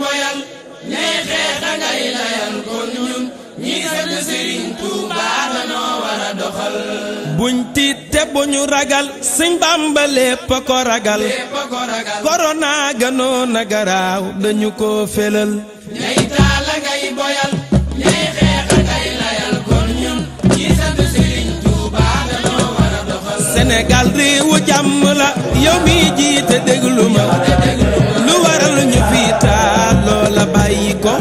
boyal ñey xeex a ngay buñ tiit te buñu ragal sëñ Bàmba lépp ko ragal korona gënoon a garaaw dañu ko felal ñey taal a boyal ñey xeex a layal kon ñun ñi sant sëriñ Tuuba danoo war a doxal Sénégal réewu jàmm la yow mi lu waral ñu fiita yàlla bàyyi ko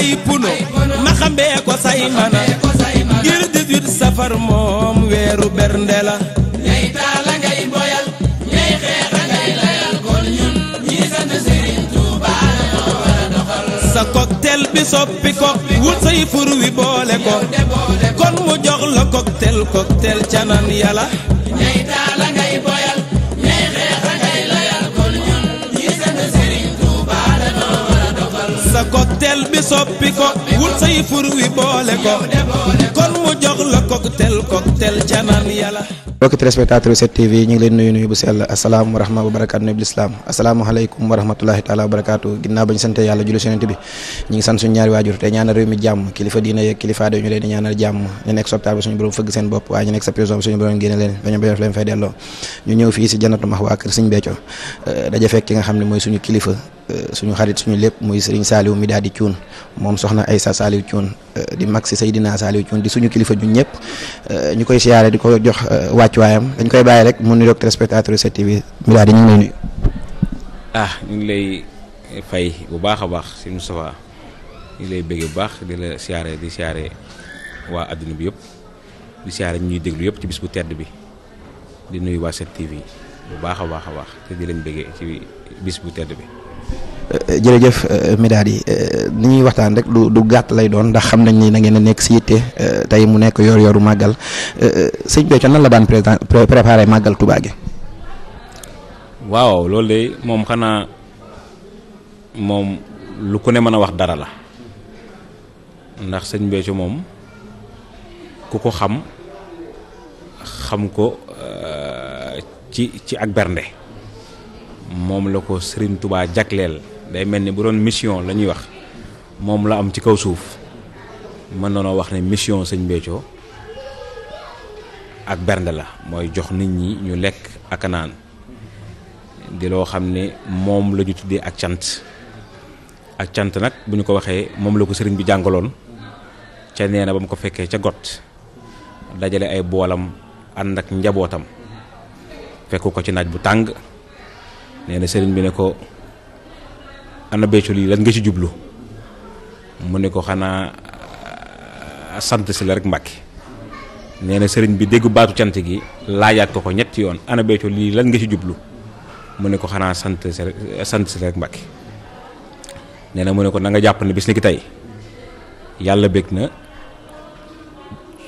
ay sa cocktail bi soppi ko wut fur wi boole ko kon mu jox la cocktail cocktail canan yàlla soppi ko wut say fur wi boole ko kon mu jox la cocktail cocktail ca naan yàlla. mbokki téléspectateur 7TV ñu ngi leen nuyu nuyu bu sell asalaam wa rahma wa barakaatu nuyu bu lislaam asalaamaaleykum wa ba ñu sante yàlla julli sonent bi ñu ngi sant suñu ñaari waajur te ñaanal réew mi jàmm kilifa diina yeeg kilifa aada ñu leen di jàmm ñu nekk soptaal bi suñu borom fëgg seen bopp waaye ñu nekk sa prison bi suñu borom génne leen dañoo def leen fay delloo ñu ñëw fii si jannatu max waa kër suñu becco daja fekk nga xam ne mooy suñu kilifa Eh, suñu xarit suñu lépp muy Serigne Saliou mi daal di cuun moom soxna ay sa Saliou cuun eh, di mag si Seydina Saliou cuun di suñu kilifa ñun ñëpp eh, ñu koy siyaare di ko jox wàccuwaayam dañ koy bàyyi rek mu nuyoog téléspectateur 7TV mi daal di ñu ngi lay ah ñu ngi lay fay bu baax a baax si Moustapha ñu ngi lay bëggee bu baax di la siyaare di siyaare waa adduna bi yëpp di siyaare ñuy déglu yëpp ci bis bu tedd bi di nuyu waa 7TV bu baax a baax a baax te di leen bëggee bis bu tedd bi. jërëjëf euh, euh, Médadi euh, ni ñuy waxtaan rek du du gàtt lay doon ndax xam nañ ni na ngeen a nekk si yitte tey mu nekk yor-yoru màggal sëñ Béthio nan la daan président préparé màggal Touba gi. waaw loolu de moom xanaa moom lu ku ne mën a wax dara la ndax sëñ Béthio moom ku ko xam xam ko ci ci ak bernde. moom la ko sëriñ tubaa jagleel day mel ni bu doon mission la ñuy wax moom la am ci kaw suuf mën na noo wax ne mission sëñ Béthio ak bernde la mooy jox nit ñi ñu lekk ak naan di loo xam ne moom la tuddee ak cant ak cant nag bu ko waxee moom la ko sëriñ bi jàngaloon ca nee na ba mu ko fekkee ca got dajale ay boolam ànd ak njabootam fekku ko ci naaj bu tàng nee sëriñ bi ne ko ana béykat yi lañ nga ci jublu mu ne ko xanaa ah, sant si la rek Mbàkke nee na sëriñ bi dégg baatu cant gi laajaat ko ko ñetti yoon ana béykat yi lan nga ci jublu mu ne ko xanaa sant si sant si la rek Mbàkke nee na mu ne ko nanga nga jàpp ne bis ni ki tey yàlla bég na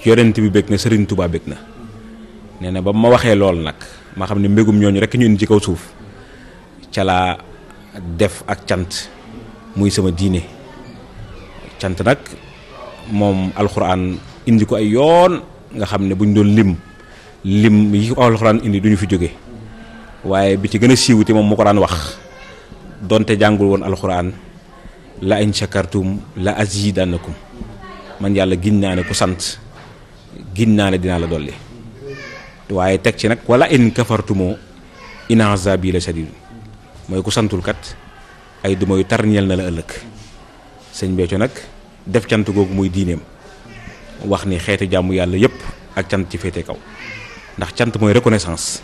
yonent bi bég na sëriñ tubaab bég na nee na ba ma waxee lool nag ma xam ne mbégum ñooñu rekk ñu indi ci kaw suuf. ca laa def ak cant muy sama diine cant nag moom alxuraan indi ko ay yoon nga xam ne buñ doon lim lim yi ko alxuraan indi duñu fi jóge waaye bi ci gën a siiwute moom moo ko daan wax donte jàngul woon alxuraan la in shakartum la azidannakum man yàlla giñ naa ne ku sant giñ naa ne dinaa la dolli waaye teg ci nag wala in kafartumoo in azabi la shadid mooy ku santul kat ay duma yu tar ñeel na la ëllëg sëñ Béthio nag def cant googu muy diineem wax ni xeeti jàmm yàlla yépp ak cant ci féete kaw ndax cant mooy reconnaissance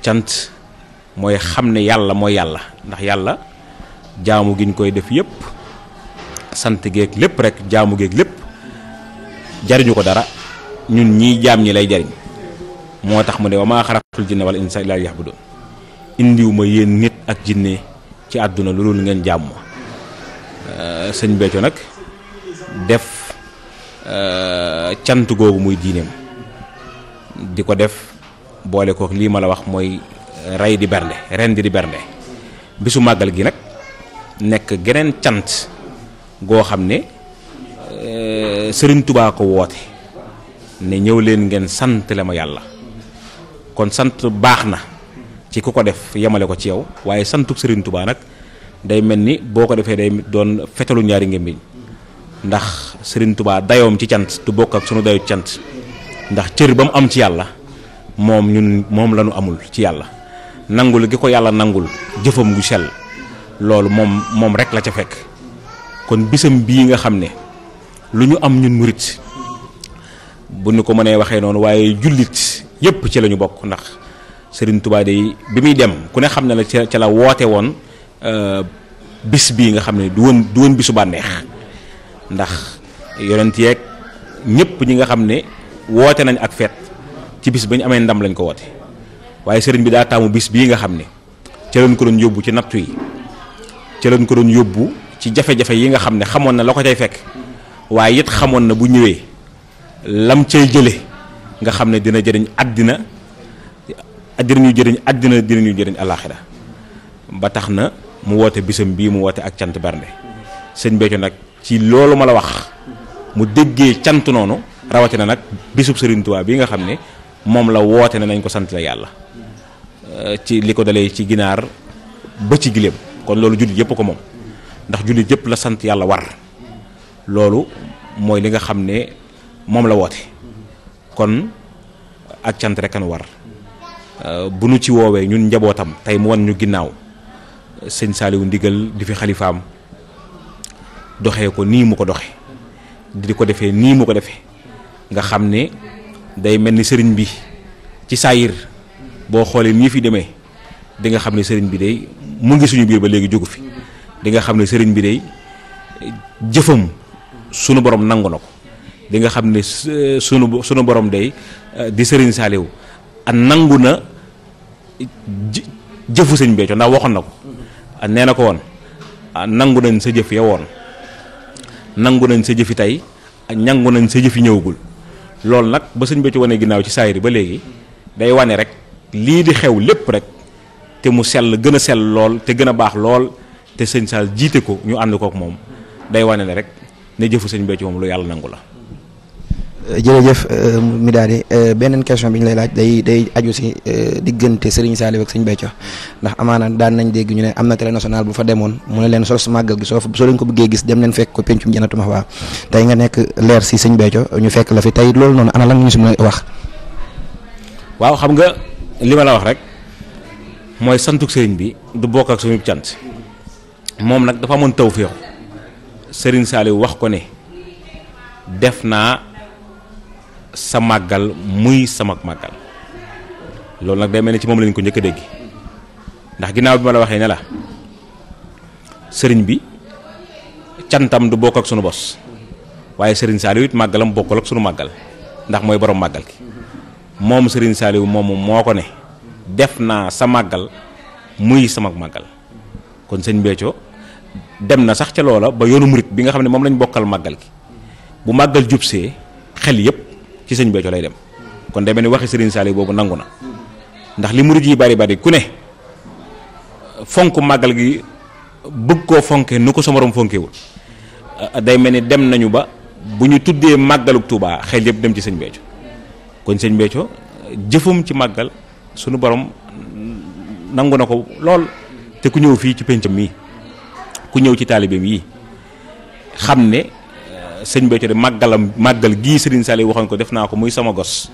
cant mooy xam ne yàlla mooy yàlla ndax yàlla jaamu gi ñu koy def yépp sant geeg lépp rek jaamu geeg lépp jariñu ko dara ñun ñii jaam ñi lay jariñ moo tax mu ne wa maa xalaqtul jinna wal insa bu liya'budun indiwuma yéen nit ak jinne ci àdduna lu dul ngeen jàmm euh, sëñ Béthio nag def euh, cant googu muy diineem di ko def boole ko lii ma la wax mooy rey di bernde ren di di bernde bisu màggal gi nag nekk geneen cant goo xam ne euh, sëriñ Tubaa ko woote ne ñëw leen ngeen sant ma yàlla kon sant baax na ci ku ko def yemale ko ci yow waaye santub Serigne Touba nag day mel ni boo ko defee day doon fetalu ñaari ngémmiñ ndax Serigne tubaa dayoom ci cant du bokk ak sunu dayu cant ndax cër ba mu am ci yàlla moom ñun moom la amul ci yàlla nangul gi ko yàlla nangul jëfam gu sell loolu moom moom rek la ca fekk kon bisam bii nga xam ne lu ñu am ñun murit bu ñu ko mënee waxee noonu waaye jullit yépp ci lañu bokk ndax. Serigne Touba yi bi muy dem ku ne xam ne la ca la woote woon euh, bis bii nga xam ne du woon bisu bànneex ndax yonent yeeg ñëpp ñi nga xam ne woote nañ ak fet ci bis ba ñu amee ndam lañ ko woote waaye sëriñ bi daa taamu bis bii nga xam ne ca lañ ko doon yóbbu ci nattu yi ca lañ ko doon yóbbu ci jafe-jafe yi nga xam ne xamoon na la ko cay fekk waaye it xamoon na bu ñëwee lam cay jële nga xam ne dina jëriñ àddina dinañu jëriñ àddina dinañu jëriñ alaaxira ba tax na mu woote bisam bii mu woote ak cant bernde seen Béthio nag ci loolu ma la wax mu déggee cant noonu rawatina nag bisub Sëriñ Tuubaa bii nga xam ne moom la woote ne nañ ko sant la euh, ci li ko dalee ci ginaar ba kon loolu jullit yëpp ko moom ndax jullit yëpp la sant yàlla war loolu mooy li nga xam ne moom la woote kon ak cant rek nu war Euh, bu nu ci woowee ñun njabootam tey mu wan ñu ginnaaw sëñ Saliou ndigal di fi xalifaam doxee ko nii mu ko doxe di ko defee nii mu ko defee nga xam ne day mel ni sëriñ bi ci saayir boo xoolee nii fi demee di nga xam ne sëriñ bi day mu ngi suñu biir ba léegi jógu fi di nga xam ne sëriñ bi day jëfam sunu borom nangu na ko di nga xam ne euh, sunu sunu borom day euh, di sëriñ Saliou a nangu na jëfu sëñ Béthio ndax waxoon na ko ah, nee na ko woon ah, nangu nañ sa jëf ya woon nangu nañ sa jëfi tey ah, nangu nañ sa jëfi ñëwagul loolu nag ba sëñ Béthio wone ginnaaw ci saayir ba léegi day wane rek lii di xew lépp rek te mu sell gën a sell lool te gën a baax lool te sëñ Saal jiite ko ñu ànd kook moom day wane ne rek ne jëfu sëñ Béthio moom lu yàlla nangu la jërëjëf euh, mi daal di euh, beneen question bi ñu lay laaj day day aju si euh, diggante Serigne Saliou ak Serigne Béthio ndax amaana daan nañ dégg ñu ne am na télé national bu fa demoon mu ne leen solos màggal gi soo soo leen ko bëggee gis dem leen fekk ko pencum janatu ma waa tey nga nekk leer si Serigne Béthio ñu fekk la fi tey loolu noonu ana lan ñu si mën a wax. waaw xam nga li ma la wax rek mooy santuk Serigne bi du bokk ak suñu cant moom nag dafa amoon tawféex Serigne Saliou wax ko ne def sa màggal muy sama màggal loolu nag day mel ni ci moom lañ ko njëkk a dégg ndax ginnaaw bi ma la waxee ne la sëriñ bi cantam du bokk ak sunu bos waaye sëriñ Saliou it màggalam bokkul ak sunu màggal ndax mooy boroom màggal gi moom sëriñ Saliou moomu moo ko ne def naa sa màggal muy sama màggal kon sëñ Béthio dem na sax ca loola ba yoonu murit bi nga xam ne moom lañ bokkal màggal gi bu màggal jub see xel yëpp ci sëñ Béthio lay dem kon day mel ni waxi Serigne Saliou boobu nangu na ndax li murid yi bari bari ku ne fonk màggal gi bëgg koo fonkee nu ko sa morom fonkewul euh, day mel ni dem nañu ba bu ñu tuddee màggaluk Touba xel yëpp dem ci sëñ Béthio kon sëñ Béthio jëfum ci màggal sunu borom nangu na ko lool te ku ñëw fii ci péncam mii ku ñëw ci taalibeem yi xam ne sëñ Béthio de màggalam màggal gii Serigne Saliou waxoon ko def naa ko muy sama gos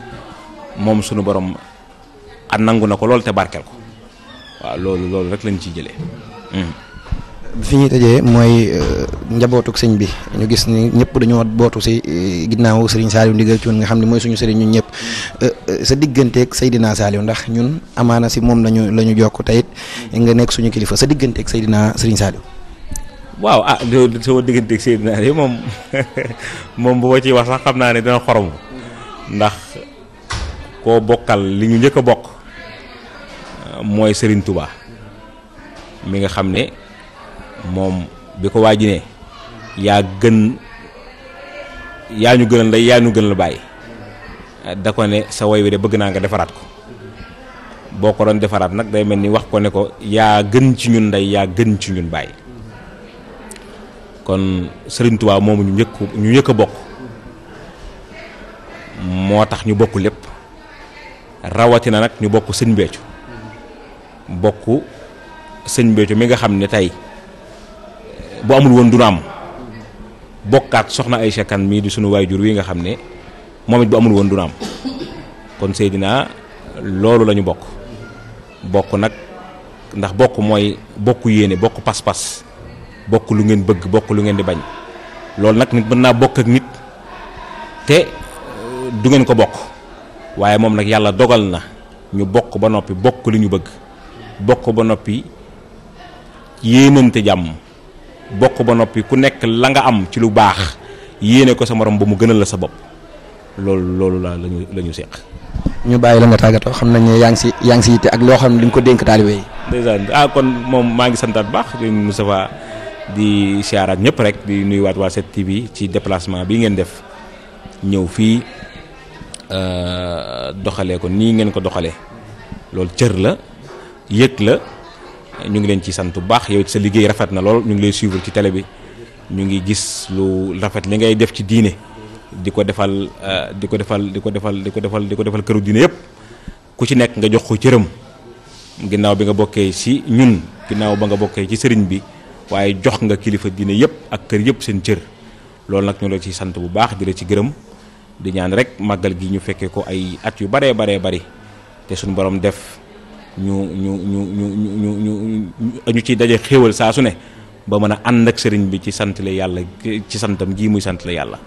moom sunu borom a nangu na ko loolu te barkeel ko waaw loolu loolu rek lañ ciy jëlee. Hmm. fi ñuy tëjee mooy euh, njabootuk sëñ bi ñu gis ni ñëpp dañoo bootu si euh, ginnaaw Serigne Saliou ndigal ci woon nga xam ne mooy suñu sëriñ ñun ñëpp euh, sa digganteeg Seydina Saliou ndax ñun amaana si moom lañu la ñu jokk teyit nga nekk suñu kilifa sa digganteek Seydina Serigne Saliou. waaw ah sama digganteeg Seydina yi moom moom bu ma ciy wax sax xam naa ne dina xorom ndax koo bokkal li ñu njëkk a bokk ah, mooy Serigne Touba mi nga xam ne moom bi ko waaji ne yaa gën yaa ñu gënal lay yaa ñu gënal bàyyi ah, da ko ne sa woy wi de bëgg naa nga defaraat ko boo ko doon defaraat nag day mel ni wax ko ne ko yaa gën ci ñun ndey yaa gën ci ñun bàyyi kon Serigne Touba moomu ñu njëkk ñu njëkk a bokk moo tax ñu bokk lépp rawatina nag ñu bokk sëñ Béthio bokk sëñ Béthio mi nga xam ne tey bu amul woon duna am bokkaat soxna Aïcha Kane mii di sunu jur wi nga xam ne moom it bu amul woon duna am kon Seydina loolu lañu bokk bokk nag ndax bokk mooy bokk yéene bokk pas-pas bokk lu ngeen bëgg bokk lu ngeen di bañ loolu nag nit mën naa bokk ak nit te euh, du ngeen ko bokk waaye moom nag yàlla dogal na ñu bokk ba noppi bokk lu ñu bëgg bokk ba noppi yéenante jàmm bokk ba noppi ku nekk la nga am ci lu baax yéene ko sa morom ba mu gënal la sa bopp loolu loolu la lañu la ñu seq ñu bàyyi la nga tàggatoo xam nañ ne yaa ngi si yaa ngi si yitte ak loo xam ne li ko dénk taalibe yi. ah kon moom maa ngi santaat baax di Moustapha di siyaaraat ñëpp rek di nuyuwaat waa 7TV ci déplacement bi ngeen def ñëw fii euh, doxalee ko nii ngeen ko doxalee loolu cër la yëg la ñu ngi leen ci sant bu baax yow sa liggéey rafet na lool ñu ngi lay suivre ci télé bi ñu ngi gis lu rafet li ngay def ci diine di ko defal euh, di ko defal di ko defal di ko defal di ko defal këru diine yëpp ku ci nekk nga jox ko cëram ginnaaw bi nga bokkee ci ñun ginnaaw ba nga bokkee ci sëriñ bi waaye jox nga kilifa diine yëpp ak kër yëpp seen cër loolu nag ñu la ci sant bu baax di la ci gërëm di ñaan rek màggal gi ñu fekkee ko ay at yu baree baree bari te suñu borom def ñu ñu ñu ñu ñu ñu ñu ciy daje xéewal saa su ne ba mën a ànd ak sëriñ bi ci sant yàlla ci santam ji muy sant yàlla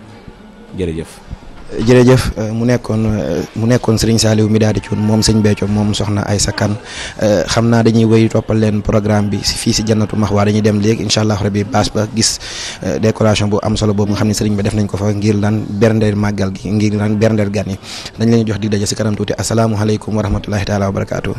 jërëjëf. jërëjëf euh, mu nekkoon euh, mu nekkoon Serigne Saliou mi daal di cuun moom sëñ Béthio moom soxna ay sakkan euh, xam naa dañuy wéy toppal leen programme bi fii si janatu max waa dañuy dem léegi incha allah rabi baas ba gis décoration bu am solo boobu nga xam ne sëriñ bi def nañ ko fa ngir lan berndeel màggal gi ngir lan berndeel gan yi dañ leen jox dig daje si kanam tuuti asalaamualeykum wa rahmatullahi taala barakaatu.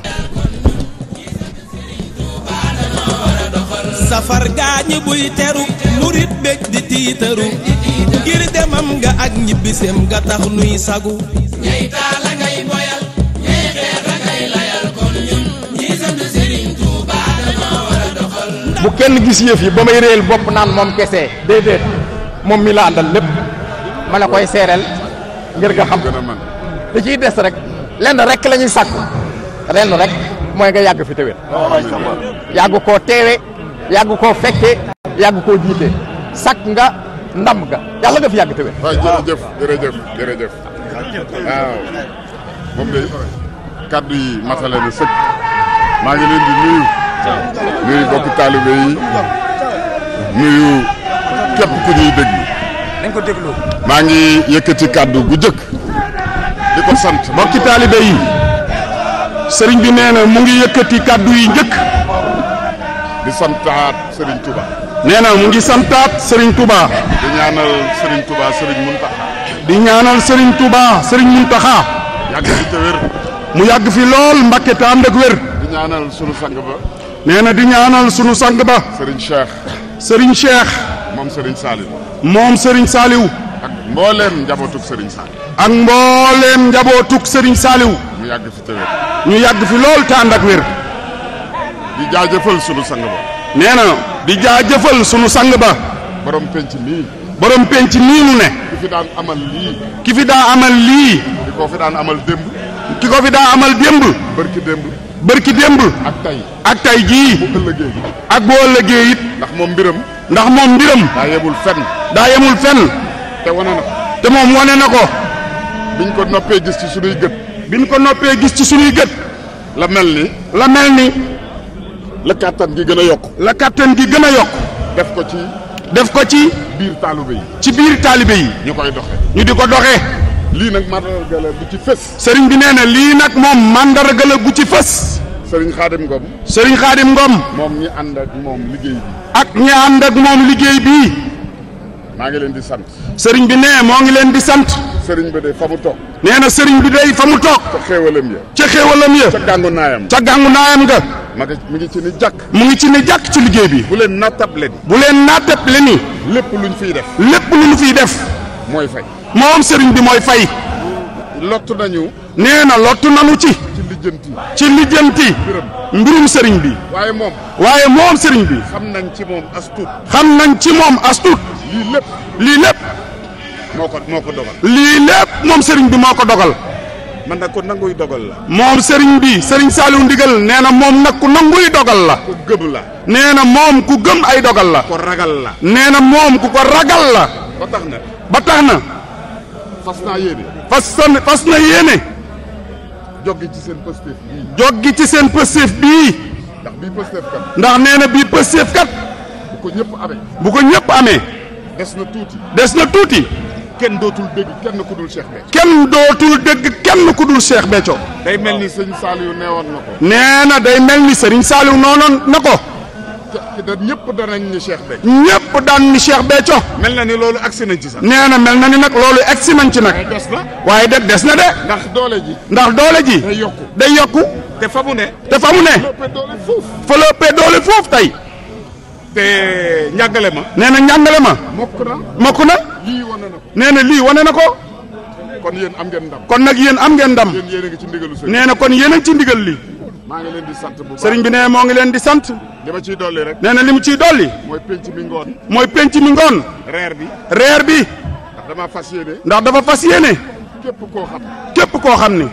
ngir demam nga ak ñibbisem nga tax nuy sagu ñay taala ngay boyal ñay xeex ngay layal kon ñun ñi sant Sëriñ Tuuba dañoo war doxal bu kenn gis yëf yi ba may réel bopp naan moom kese déedéet moom mi la àndal lépp ma la koy seereel ngir nga xam li ciy des rek lenn rek lañuy ñuy sàkku lenn rek mooy nga yàgg fi tewét yàgg koo teewe yàgg koo fekke yàgg koo jiite sàkk nga ndam ga yàlla nga fi yàgg te wér. waaw jërëjëf jërëjëf jërëjëf. waaw kaddu yi masale na sëkk maa ngi leen di nuyu. nuyu bokki taalibe yi nuyu képp ku ñuy déglu. nañ ko déglu. maa ngi yëkkati kaddu gu jëkk di ko sant bokki taalibe yi sëriñ bi nee na mu ngi yëkkati kaddu yi njëkk. di santaat sëriñ Touba. nee na mu ngi santaat Serigne Touba. di ñaanal Serigne Touba Serigne Mountakha. di ñaanal Serigne Touba Serigne Mountakha. yàgg fi te mu yàgg fi lool Mbàkke te ànd ak wér. di ñaanal sunu sang ba. di ñaanal sunu sang ba. Serigne Cheikh. Serigne moom Serigne Saliou. moom sëriñ Saliou. ak mbooleem njabootug Serigne Saliou. ak mbooleem njabootug Serigne Saliou. ñu yàgg fi te ñu yàgg fi lool te ak wér. di jaajëfal sunu sang ba. nee na jaa jëfal sunu sang ba. borom penc mii. borom penc mii mu ne. ki fi daan amal lii. ki fi daa amal lii. ki ko fi daan amal démb. ki ko fi amal démb. bërki ki bërki démb. ak tay ak tay jii. bu ëllëgee it. ak ndax moom mbiram. ndax moom mbiram. daa yemul fenn. daa yemul fenn. te wane na ko. te moom wane na ko. biñ ko noppee gis ci sunuy gët. biñ ko noppee gis ci sunuy gët. la mel ni. la mel ni. la kattan gi gën a yokk la kattan gi gën a yokk def ko ci def ko ci biir taalibe yi ci biir taalibe yi ñu koy doxe ñu di ko doxee lii nag mandarga la bu ci fës sëriñ bi nee na lii nag moom mandarga la bu ci fës sëriñ xaadim ngom sëriñ xaadim ngom moom ñu ànd ak moom liggéey bi ak ñi ànd ak moom liggéey bi maa ngi leen di sant. sëriñ bi nee moo ngi leen di sant. sëriñ bi dey fa mu toog. nee na sëriñ bi de fa mu toog. ca xéewalam ya. ca xéewalam ya. ca gàngu naayam. ca gàngu naayam nga. ma mu ngi ci ni jàkk. mu ngi ci ni jàkk ci liggéey bi. bu leen nattable ni. bu leen nattable ni. lépp lu luñ fiy def. lépp luñ fiy def. mooy fay. moom sëriñ bi mooy fay. lottu nañu. nee na lottu nanu ci ci lijjanti mbirum sëriñ bi waaye moom waaye moom sëriñ bi xam nañ ci moom astut xam nañ ci moom astut lii lépp lii lépp moo ko moo ko dogal lii lépp moom sëriñ bi moo ko dogal man nag ko nanguy dogal la moom sëriñ bi sëriñ Saliou Ndigal nee na moom nag ku nanguy dogal la ku la nee na moom ku gëm ay dogal la ragal la nee na moom ku ko ragal la ba tax na ba tax na fas naa yéene fas fas na yéene joggi ci seen Pastef bii. joggi ci seen Pastef bii. ndax bii Pastef kat. ndax nee na bii Pastef kat. bu ko ñëpp amee. bu ko ñëpp amee. des na tuuti. des na tuuti. kenn dootul dégg kenn ku dul Cheikh Béthio. kenn dootul dégg kenn ku dul Cheikh Béthio. day mel ni sëñ Saliou neewoon na ko. nee na day mel ni seriñ Saliou noonoon na ko. ci da ñëpp danañ ni Cheikh Béthio. ñëpp daan ni Cheikh Béthio. mel na ni loolu agsi nañ ci sax. nee na mel na ni nag loolu agsi nañ ci nag. waaye des waaye de des na de. ndax doole ji. ndax doole ji. day yokku day yokku. te fa ne. te fa ne. fa lóopee doole foofu tey. te njàngale ma. nee na njàngale ma. mokk na mokk na. lii wane na ko. nee na lii wane na ko. kon yéen am ngeen ndam. kon nag yéen am ngeen ndam. yéen yéen a ngi ci ndigalu nee na kon yéen a ci ndigal li maa ngi leen di sant bu baax sëriñ bi ne moo ngi leen di sant. li ma ciy dolli rek. nee li mu ciy dolli. mooy penc mi ngoon. mooy penc mi ngoon. reer bi. reer bi. ndax damaa fas yéene. ndax dafa fas yéene. képp ko xam ne. képp koo xam ne.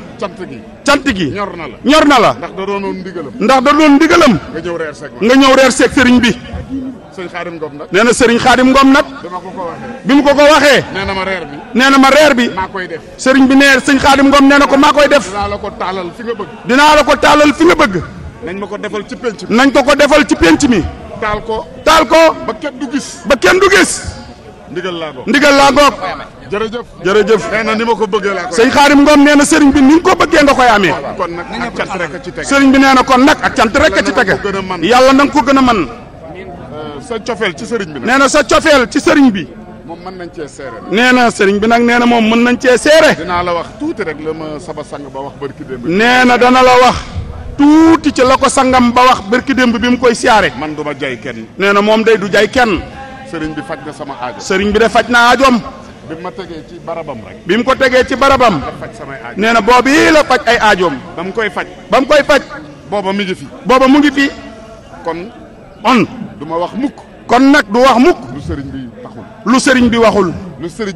cant gi gi. ñor na la ñor na la. ndax da doonoon ndigalam. ndax da doon ndigalam. nga ñëw reer seeg nga bi. sëriñ xaadim ngom nag. nee na sëriñ xaadim ngom nag. bi ma ko ko waxee. mu ko ko waxee. nee na ma reer bi. nee na ma reer bi. maa koy def sëriñ bi nee sëriñ xaadim ngom nee na ko maa koy def. dinaa la ko taalal fi nga bëgg. dinaa la ko taalal fi nga bëgg. nañ ma ko defal ci penc nañ ko ko defal ci penc mi. taal ko taal ko. ba kenn du ba kenn du ndigal laa ngoog ndigal laa ngoog. jërëjëf jërëjëf. nee na ni ko bëggee laa koy sëñ Xaadim Ngom nee na sëriñ bi ni nga ko bëggee nga koy amee. kon nag ak cant rek a ci tege. sëriñ bi nee na kon nag ak cant rek a ci tege. yàlla na nga ko gën a mën. Euh, sa cofeel ci sëriñ bi nag. nee na sa cofeel ci sëriñ bi. moom mën nañ cee seere. nee na sëriñ bi nag nee na moom mën nañ cee seere. dinaa la wax tuuti rek la ma saba sang ba wax barki nee na dana la wax. tuuti ci la ko sangam ba wax barki démb bi mu koy siyaare. man du ma jay kenn. nee na moom day du jay kenn sëriñ bi faj na sama aajo. sëriñ bi de faj na aajoom. bi ma tegee ci barabam rek. bi mu ko tegee ci barabam. la faj nee na boobu yii la faj ay aajoom. ba mu koy faj. ba mu koy faj. booba mi ngi fi. booba mu ngi fi. kon. on du ma wax mukk. kon nag du wax mukk. lu sëriñ bi taxul. lu sëriñ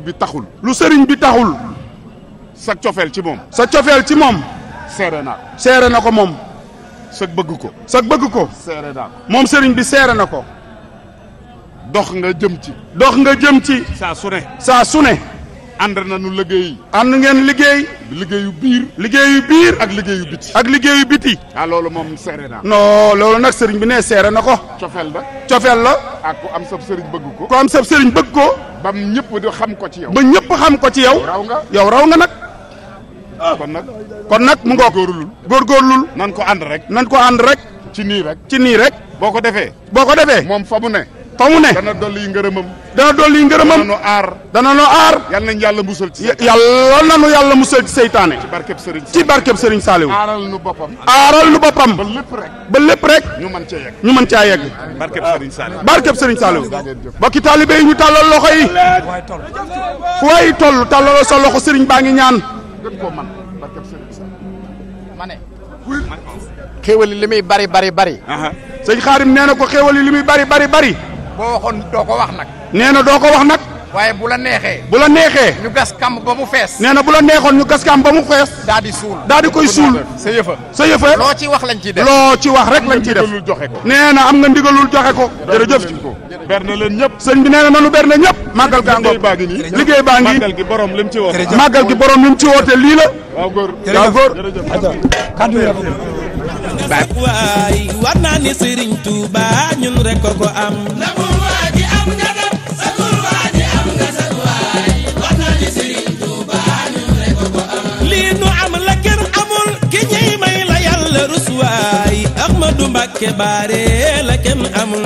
bi taxul. lu sëriñ bi taxul. sa cofeel ci moom. sa cofeel ci moom. seere naa seere na ko moom. sa bëgg ko. sa bëgg ko. seere ko moom sëriñ bi seere na ko. dox nga jëm ci. dox nga jëm ci. saa su ne. saa su ne. ànd nañu liggéey. ànd ngeen liggéey. liggéeyu biir. liggéeyu biir. ak liggéeyu biti. ak liggéeyu biti. ah loolu moom seere naa. non loolu nag sëriñ bi ne seere na ko. cofeel la. cofeel la. ak ah, am sab sëriñ bëgg ko. ko am sab sëriñ bëgg ko. ba ñëpp di xam ko ci yow. ba ñëpp xam ko ci yow. raw nga yow raw nga nag. Ah. kon nag. kon nag mu ngoog góorgóorlul. góorgóorlul. nan ko ànd rek. nan ko ànd rek. ci nii rek. ci nii rek. boo ko defee. boo ko defee. moom fa mu ne. fa mu ne dana dolli ngërëmam dana dolli ngërëmam dana no aar dana no aar yal nañu yàlla musal ci yàlla nañu yàlla musal ci seytaane ci barkeb sëriñ ci barkeb sëriñ Saliou aaral nu boppam aaral nu boppam ba lépp rek ba lépp rek ñu mën cee yegg ñu mën caa yegg barkeb ah. sëriñ Saliou barkeb sëriñ Saliou bokki taalibe yi ñu tàllal loxo yi fu waay toll tàllal sa loxo sëriñ baa ngi ñaan gën koo man barkeb sëriñ Saliou ma ne xéewal li muy bari bari bari sëñ Xaarim nee na ko xéewal li muy bari bari bari boo waxoon doo ko wax nag. nee na doo ko wax nag. waaye bu la neexee. bu la neexee. ñu gas kàmb ba mu fees. nee na bu la neexoon ñu gas kàmb ba mu fees. daa di suul daa di koy suul. sa yëfa sa yëfa. loo ci wax lañ ciy def loo ci wax rek lañ ciy def nee na am nga ndigalul joxe ko. jërëjëf berne leen ñëpp. sëñ bi nee nanu berne ñëpp. màggal gaa ngoog liggéey baa ngi màggal gi borom lim ci woote. gi borom lim ci woote lii la. waaw góor. naa ni sëriñ Tuuba ñun rek ko lii nu am la kenn amul ki ñuy may la yàlla rus waay Ahmadu Mbàkke baare la kenn amul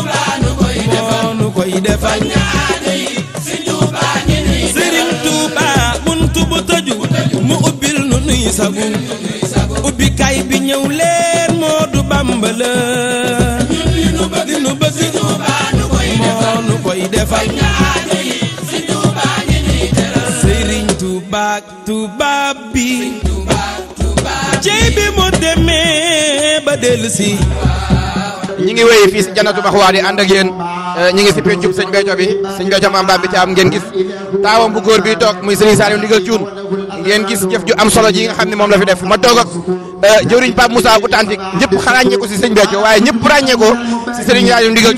Sëriñ Tuuba buntu bu tëju mu ubbil nu nuy sagu ubbi kay bi ñëw leen moo du Bàmba la li nu bëgg moo nu koy defal Sëriñ Tuuba Tuuba bi cey bi mu demee ba dellusi ñi ngi wéy fii si jannatu maxwaa di ànd ak yéen eh, ñi ngi si peccub sëñ Béthio bi sëñ Béthio maam Bamba Thiam ngeen gis taawam bu góor bi toog muy sëriñ Saliou ndigal Thioune ngeen gis jëf ju am solo ji nga xam ne moom la fi def ma toog ak jëwriñ Pape Moussa authentique ñëpp ràññee ko si sëñ Béthio waaye ñëpp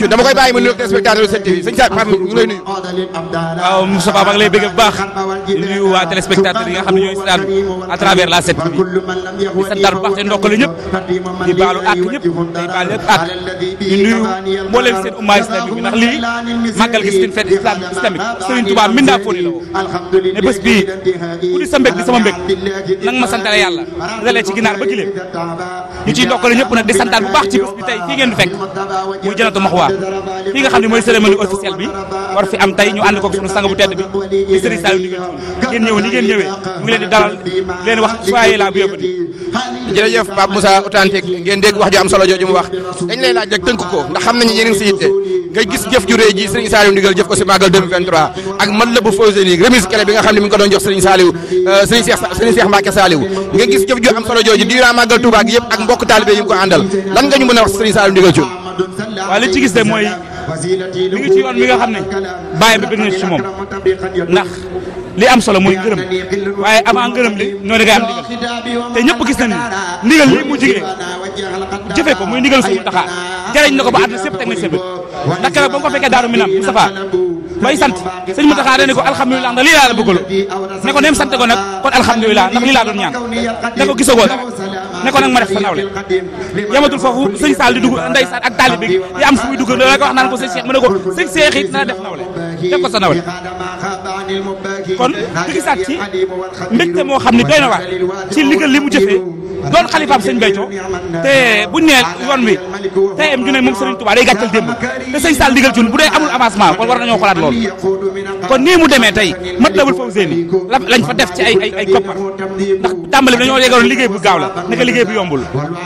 dama koy bàyyi mu nuyoog téléspectateur Sen TV sëñ Pape ñu ngi lay nuyu. waaw Moustapha téléspectateur yi nga xam ne ñooy seetaan à baax te ndokkale ñëpp di baalu ak ñëpp day di nuyu mboolem seen umma islamique bi ndax lii màggal gi c'est une fête islamique Serigne Touba Minda Foni la di sa mbég di nang ma santale yàlla dalee ci ginaar ba giléem ñu ciy ndokkale ñëpp nag di santaat bu baax ci bés fii ngeen di fekk muy jënatu maxwaa fii nga xam ne mooy cérémonie officielle bi war fi am tey ñu ànd ko suñu sang bu tedd bi di sëriñ Saliou di ngeen ñëw ngi leen di dalal leen wax soyez là bu yëpp di jërëjëf Pape Moussa authentique ngeen dégg wax ju am solo jooju wax dañ lay laaj rek tënk ko ndax xam nañu yéen ngi si yitte nga gis jëf ju rëy ji Serigne ndigal jëf ko si màggal 2023 ak Matlaboul Fawzeyni remise clé bi nga xam ne mi ngi doon jox Serigne Saliou euh, Serigne Cheikh Serigne Cheikh nga gis jëf ju am solo jooju diira màggal Touba ak mbokk taalibe mu ko àndal lan nga ñu mën a wax Serigne ndigal ci waaw li ci gis de mooy mi nga xam ne bàyyi bi bëgg na ndax li am solo mooy ngërëm waaye avant ngërëm li noo da ngay ndigal te ñëpp gis nañu ndigal ndigal suñu ndax keroog ba mu ko fekkee daaru minam Moustapha bay sant sëñ Mountakha dane ko alhamdulilah ndax lii laa ne ko nem sant ko nag kon alhamdulilah ndax lii laa ñaan ne ko gisagoo dara ne ko nag ma def sa nawle yamatul foofu sëñ Sall di dugg ndey Sall ak taalibe bi am fu muy dugg wax naan ko sëñ Cheikh mu ne ko sëñ Cheikh it na def nawle def ko sa nawle kon di gisaat ci mbégte moo xam ne doy na waar ci liggéey li mu doon xalifaam sëñ Béthio te buñ nee yoon wi tey am ñu ne moom Serigne Touba day gàccal démb te sëñ Sall digal ci bu dee amul avancement kon war nañoo xolaat loolu kon nii mu demee tey Matlabul Fawzeyni lañ fa def ci ay koppar ndax tàmbali bi dañoo yegaloon liggéey bu gaaw la naka liggéey bu yombul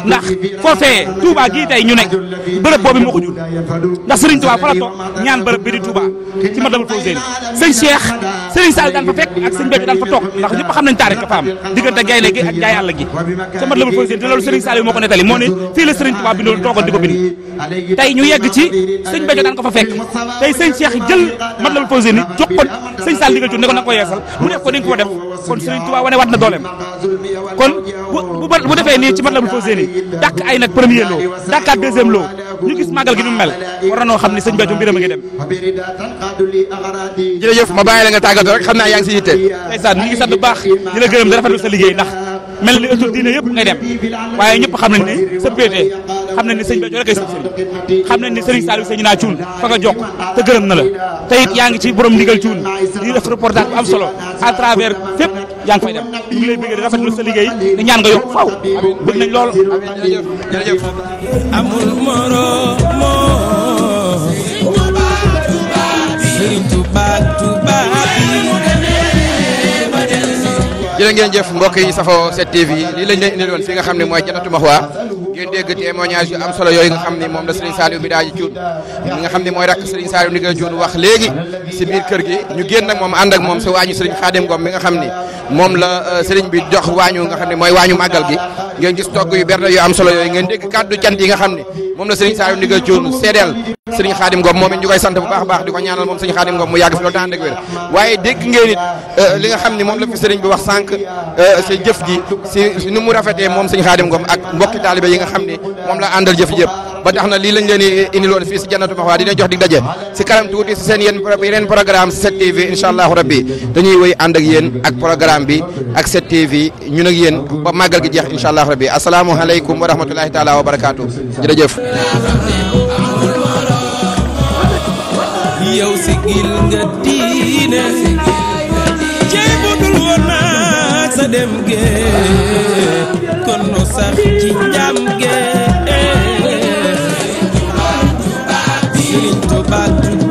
ndax foofee Touba gii tey ñu nekk bërëb boobu moo ko jur ndax Serigne Touba fa la toog ñaan bërëb bi di Touba ci Matlabul Fawzeyni sëñ Cheikh Serigne Sall daan fa fekk ak sëñ Béthio daan fa toog ndax ñëpp xam nañ taarix ka faam diggante gaynde gi ak jaay àll gi ca Matlabul la Serigne fa fekk tey sëñ Cheikh ndax kon sëñ Sall digal ci ne ko na ko yeesal mu def ko dañ ko def kon sëriñ Tuubaa wane waat na dooleem kon bu bu defee nii ci Matlabul Fawzayni dàq ay nag premier lot dàqaat deuxième lot ñu gis màggal gi ñu mel war nañoo xam ne sëñ Béthio mbiram a ngi dem. jërëjëf ma bàyyi la nga tàggatoo rek xam naa yaa ngi si yitte. ñu ngi sant bu baax di la gërëm di rafetlu sa liggéey ndax mel ni ëttu diine yëpp ngay dem waaye ñëpp xam nañ ne sa péete xam nañ ne sëñ Béthio sëriñ xam nañ ne sëriñ Saliou naa cuun fa nga jokk te gërëm na la te yaa ngi ci borom ndigal cuun di def reportage bu am solo à travers fépp yaa ngi fay dem di sa liggéey di ñaan nga yokk faaw bëgg nañ lool amul moro jërë ngeen jëf mbokk yi safoo set tv lii lañ leen indiloon fi nga xam ne mooy Jannatul Mahwa ñu dégg témoignage yu am solo yooyu nga xam ne moom la Serigne Saliou bi daaji cuun mi nga xam ne mooy rakk Serigne Saliou ndigal cuun wax léegi si biir kër gi ñu génn ak moom ànd ak moom si waañu nga xam ni moom la Serigne bi jox waañu nga xam ne moom la Serigne Saliou cuun seedeel Serigne Khadim Ngom moom it ñu koy sant bu baax a baax di ko ñaanal moom Serigne Khadim Ngom mu yàgg fi loolu tax dëgg wér waaye dégg ngeen it euh, li nga xam ne moom la fi Serigne bi xam ni moom la àndal jëf yëpp ba tax na lii lañ leen di indiloon fii si jannatu maxwa dina jox dig daje si kanam tuuti si seen yéen yeneen programme 7TV incha allahu rabbi dañuy wéy ànd ak yéen ak programme bi ak 7TV ñun ak yéen gi jeex incha allahu rabbi asalaamualeykum wa rahmatulahi taala wa barakaatu jërëjëf. sa dem géej kon nu sax ci jàmm géej Sëriñ